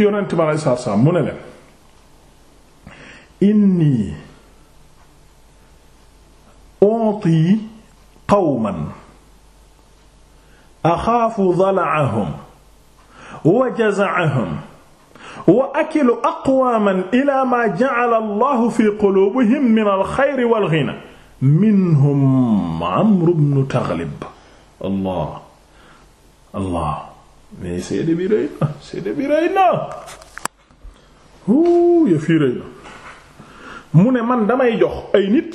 yonent ma lay sarsam mu ne leen inni onti qawman axaafu dala'ahum wa jaza'ahum wa akilu aqwaaman ila ma ja'ala allahu fi qulubihim min alxayri wal ghina minhum amru bnu taglib allah allah mais seede bi rëy na seede bi rëy na hu ya fii rëy na mu ne man damay jox ay nit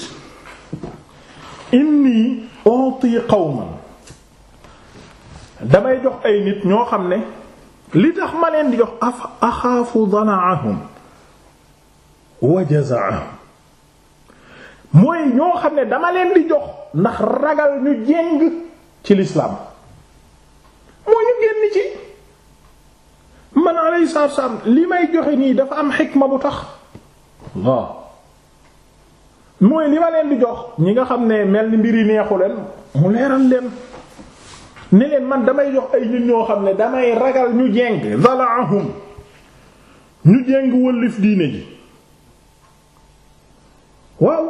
inni uti qawman damay jox ay nit ñoo xam ne li tax ma leen di jox axaafu danaahum wa jazaahum mooy ñoo xam ne dama leen di jox ndax ragal ñu jéng ci lislaam moo ñu génn ci man alayhi salaatu salaam li may joxe nii dafa am xikma bu tax waaw mooy li ma leen di jox ñi nga xam ne mel ni mbir yi neexu leen mu leeral leen ne man damay jox ay nit ñoo xam ne damay ragal ñu jeng zalaahum ñu jeng wëllif diine ji waaw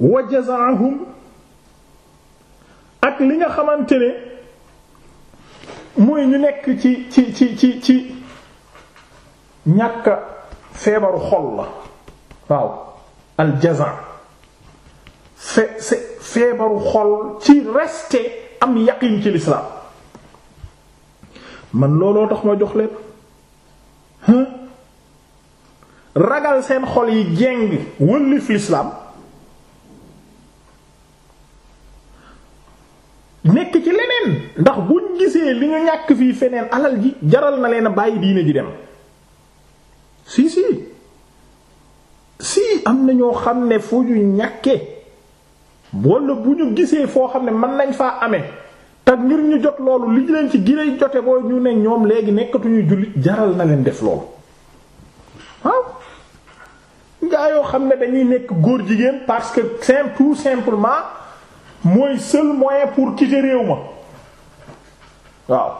wa jazaahum ak li nga xamante ne mooy ñu nekk ci ci ci ci ci ñàkk feebaru xol la waaw aljaza fe feebaru xol ci rester am yaqin ci lislaam man looloo tax ma jox leen ragal seen xol yi jéng wëllif lislaam nekk ci leneen ndax buñ gisee li ñu ñàkk fii feneen alal ji jaral na leen a bàyyi diine ji dem si si si am na ñoo xam ne fu ñu ñàkkee wala bu ñu gisee foo xam ne man nañ faa amee te ngir ñu jot loolu li leen ci girey jote boo ñu ne ñoom léegi nekkatuñu jullit jaral na leen def loolu waaw gaa xam ne dañuy nekk góor jigéen parce que simple tout simplement mooy seul moyen pour quitter réew ma waaw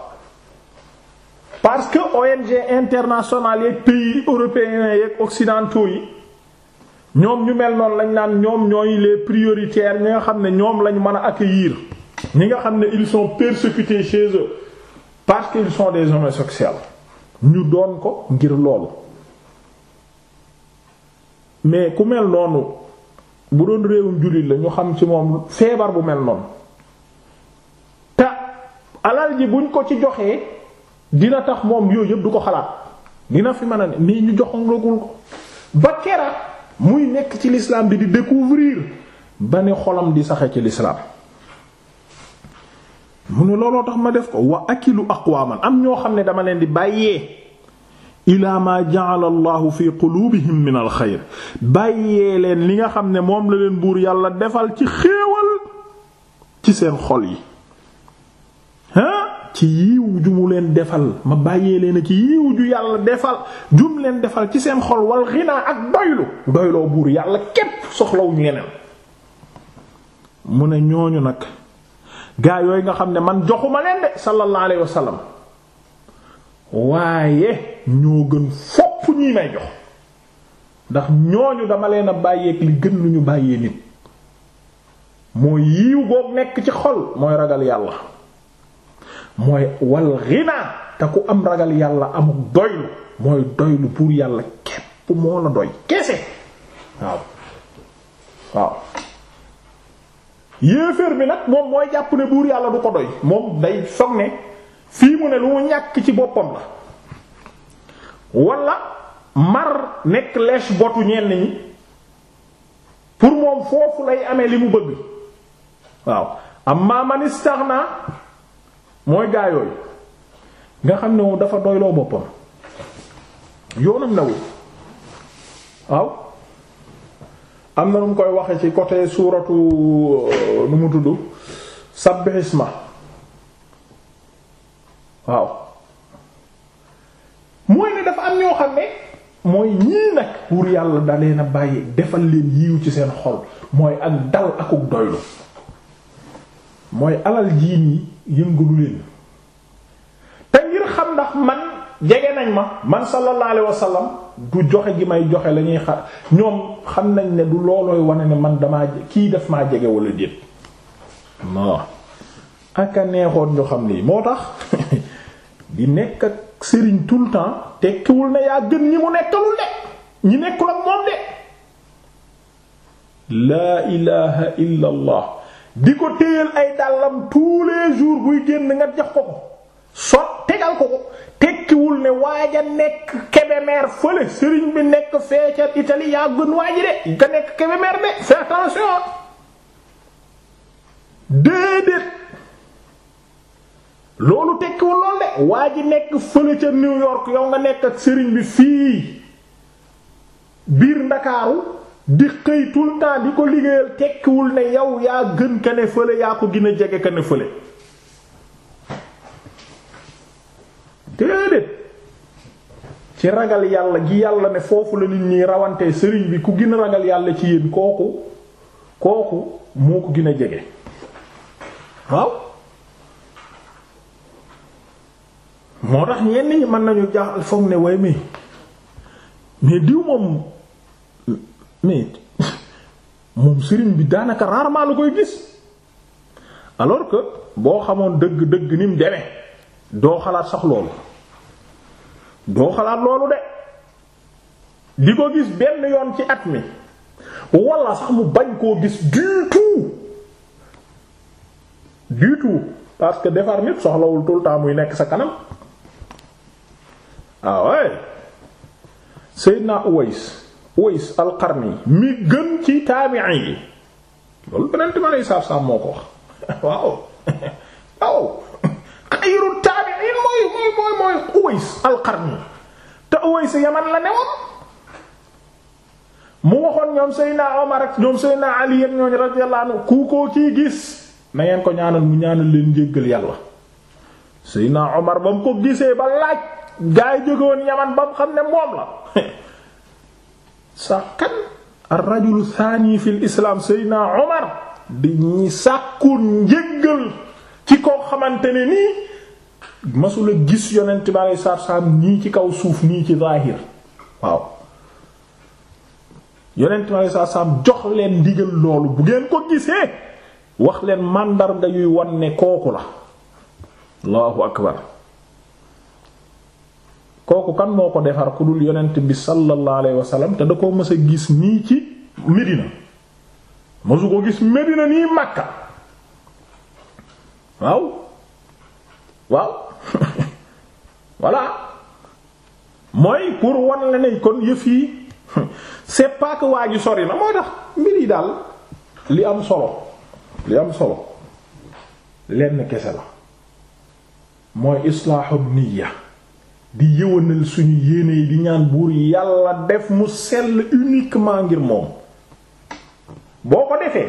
parce que ONG internationale yeeg pays européens yeeg occidentaux yi ñoom ñu mel noonu lañ naan ñoom ñooy les prioritaires ñi nga xam ne ñoom lañ mën a accueillir ñi nga xam ne ils sont persécutés chez eux parce qu'ils sont des homosexuels ñu doon ko ngir loolu mais ku mel noonu bu doon réewum jullit la ñu xam ci moom feebar bu mel noonu te alal ji buñ ko ci joxee dina tax moom yooyu yëpp du ko xalaat dina fi man a ne nii ñu joxonglagul ko ba kera muy nekk ci l'islam bi di découvrir ba ne xolam di saxe ci l'islam mu ne looloo tax ma def ko wa akilu aqwaman am ñoo xam ne dama leen di bàyyee ilaa ma ja'ala allahu fi quluubihim min alxeyr bàyyee leen li nga xam ne moom la leen buur yàlla defal ci xéewal ci seen xol yi ci yiw ju mu leen defal ma bàyyee leen ci yiiw ju yàlla defal jum leen defal ci seen xol wal xinaa ak doylu doyloo buur yàlla képp soxlawuñu leneen mu ne ñooñu nag gaa yooyu nga xam ne man joxuma leen de sallallahu alayhi waaye ñoo gën fopp ñii may jox ndax ñooñu dama leen a bàyyeeg li gën lu ñu bàyyee nit mooy yiiw boobu nekk ci xol mooy ragal yàlla mooy wal ghina te ku am ragal yàlla amul doylu mooy doylu pour yàlla képp moo la doy kese waaw waaw yéeféer bi nag moom mooy jàpp ne buur yàlla du ko doy moom day foog ne fii mu ne lu mu ñàkk ci boppam la wala mar nekk lèche botu ñenn ñi pour moom foofu lay amee li mu bëgg waaw amma man istaghna mooy gaa yooyu nga xam ne moom dafa doyloo boppam yoonam la wul waaw am na nu mu koy waxe ci côté suuratu lu euh, mu tudd ma waaw mooy ne dafa am ñoo xam ne mooy ñii nag pour yàlla da leen a bàyyi defal leen yiw ci seen xol mooy ak dal akuk doylu mooy alal jii nii yëngalu leen te ngir xam ndax man jege nañ ma man sallallahu alayhi wasallam du joxe gi may joxe lañuy ñuy xam nañ ne du loolooy wane ne man damaa kii def maa jege wala déet non aka neexoon ñu xam lii moo tax di nekk sëriñ tout le temps tekkiwul na yaa gën ñi mu nekkalul de ñi nekkul ak moom de laa ilaha illa di ko téyal ay dàllam tous les jours génn nga jox ko ko so tegal ko ko tekkiwul ne waaja nekk Kébémer fële sëriñ bi nekk fee ca Italie yaa gën waaji de nga nekk Kébémer de fais attention déedéet loolu tekkiwul lool de waa ji nekk fële ca New York yow nga nekk ak sëriñ bi fii biir ndakaaru di xëy tout di ko liggéeyal tekkiwul ne yow yaa gën ka ne fële yaa ko gin a jege ka fële déedéet ci ragal yàlla gi yàlla ne foofu la nit ñi rawante sëriñ bi ku gën a ragal yàlla ci yéen kooku kooku moo ko gën a jege waaw moo tax ñenn ñi mën nañu jaaxal foog ne way mi mais diw moom mais moom sëriñ bi daanaka rarement la koy gis alors que boo xamoon dëgg dëgg ni mu demee doo xalaat sax loolu doo xalaat loolu de di ko gis benn yoon ci at mi walla sax mu bañ koo gis du tout du tout parce que defar nit soxlawul tout le temps muy nekk sa kanam waaw ah, Seydina Uways Uways al-Qarni mi gën ci taabi'i yi loolu beneen ti ma lay saab saab moo ko wax waaw waaw xayru taabi'iin mooy mooy mooy mooy Uways al-Qarni te Uways Yaman la newoon mu waxoon ñoom Seydina Omar ak ñoom Seydina Ali yépp ñooñu radiyallahu ku ko ciy gis na ngeen ko ñaanal mu ñaanal leen jéggal yàlla Seydina Omar ba mu ko gisee ba laaj gaa yi jóge yaman ba mu xam ne moom la sàkkan ar-rajulu thani fil islam seydina omar di ñi sàkku njëggal ci koo xamante ne nii masula gis yonent bi alei satu salaam nii ci kaw suuf nii ci zaahir waaw yonent bi alei satu jox leen ndigal loolu bu ngeen ko gisee wax leen màndarga yuy wan ne kooku la allahu akbar kooku kan moo ko defar ku dul yonent bi sallallahu alayhi wa te da koo mës a gis nii ci Medina mësu ko gis Medina nii Makka waaw waaw voilà mooy pour wan la ne kon yëf yi c'est pas sori na moo tax mbir yi daal li am solo li am solo lenn kese la mooy islaahu niyya di yëwanal suñu yéene yi di ñaan buur yàlla def mu sell uniquement ngir moom boo ko defee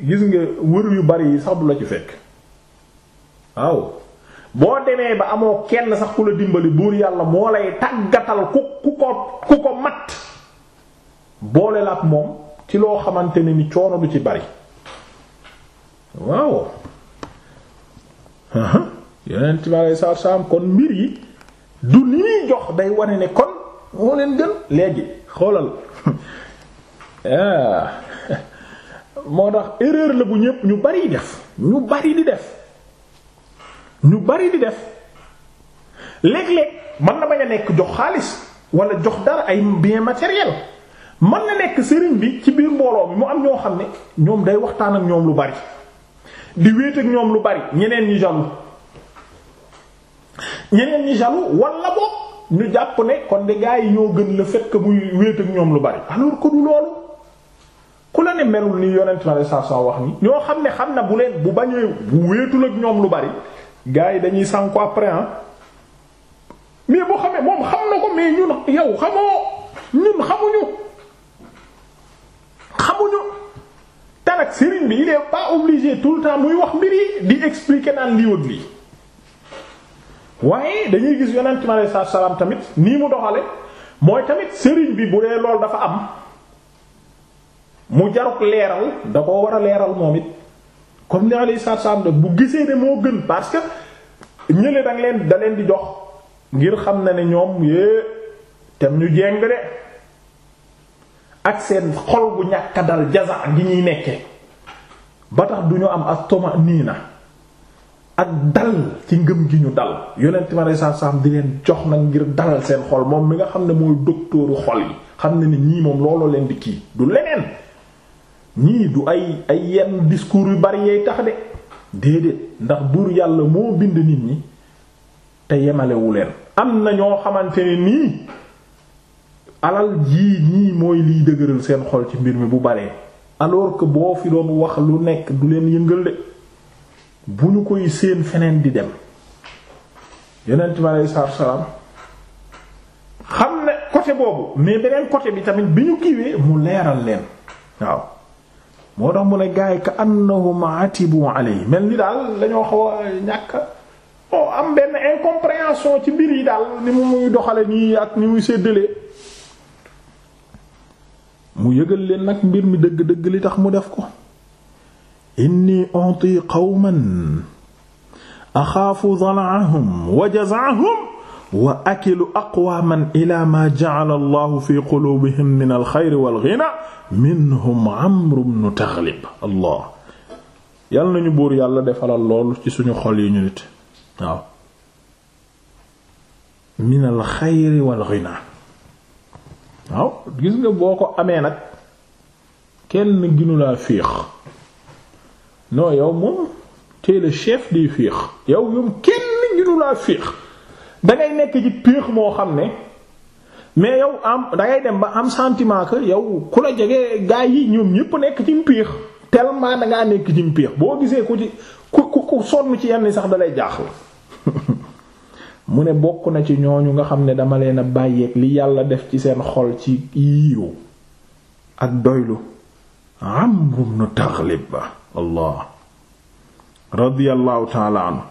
gis nga wër yu bari sax du la ci fekk waaw boo demee ba amoo kenn sax ku la dimbali buur yàlla moo lay tàggatal ku ku ko ku ko ak moom ci loo xamante ne ni coono du ci bari waaw yeneen ci ma lay saar saam kon mbir yi du nii jox day wane ne kon moo leen gën léegi xoolal ah. moo tax erreur la bu ñépp ñu bari def ñu bari di def ñu bari di def léeg-léeg mën na bañ a nekk jox xaalis wala jox dara ay bien matériel man na nekk sëriñ bi ci biir mbooloo mi mu am ñoo xam ne ñoom day waxtaan ak ñoom lu bari di wéet ak ñoom lu bari ñeneen ñu jaloux ñeneen ñi jaloux wala boog ñu jàpp ne kon de gars yi ñoo gën la fekk buy wéet ak ñoom lu bari alors que du loolu ku la ne melul ni yonent ma saa saa wax ni ñoo xam ne xam na bu leen bu bañee bu wéetul ak ñoom lu bari gars yi dañuy sànku après ah mais boo xamee moom xam na ko mais ñun yow xamoo ñun xamuñu xamuñu tanak sëriñ bi il est pas obligé tout le temps muy wax mbir yi di expliquer naan lii lii waaye dañuy gis yonent mi alayhi salaam tamit nii mu doxale mooy tamit sëriñ bi bu dee loolu dafa am mu jaruk leeral da koo war a leeral moom it kon ni alayhi da bu gisee ne moo gën parce que ñële danga leen da leen di jox ngir xam na ne ñoom yée tem ñu jeng de ak seen xol gu ñàkk dal jaza gi ñuy nekke ba tax du ñu am at-tuma'nina ak dal ci ngëm gi ñu dal yonent ma saa saam di leen jox nag ngir dalal seen xol moom mi nga xam ne mooy doktooru xol yi xam ne ni ñii moom leen di kii du leneen du ay ay yenn discours yu bari yay tax de déedéet ndax buur yàlla moo bind nit ñi te yemalewu leen am na ñoo xamante ne nii alal jii ñii mooy liy dëgëral seen xol ci mbir mi bu baree alors que boo fi doon wax lu nekk du leen yëngal de bu ñu koy seen feneen di dem yonent bi aleyhi salaam xam ne côté boobu mais beneen côté bi tamit bi ñu kiiwee mu leeral leen waaw moo tax mu ne gaay ka annahum atibu yi mel ni daal lañoo xaw a ñàkk o am benn incompréhension ci mbir yi daal ni muy doxale nii ak ni muy séddalee mu yëgal leen nag mbir mi dëgg-dëgg li tax mu def ko inni onti qawman axaafu dalaahum wa jazaahum wa akilu aqwaaman ila ma ja'ala allahu fi qulubihim min alxayri walghina minhum amru bnu taxlib allah yàlla nañu buur yàlla defalal lool ci suñu xol yi ñu nit waaw min alxayri walghina waaw gis nga boo ko amee nag kenn ginu laa féex non yow moom tee chef des fiix yow yow kenn ginu laa féex da nekk ci piix moo xam ne mais yow am da ngay dem ba am santiment que yow ku la jege gaa yi ñoom ñépp nekk ci péex tellement da ngaa nekk ci péex boo gisee ku ci ku ku ku sonn ci yenn sax dalay jaaxal mu ne bokk na ci ñooñu nga xam ne dama leen a bàyyeeg li yàlla def ci seen xol ci yiiw ak doylu amrum nu taxlib ba allah radiyallahu taala anhu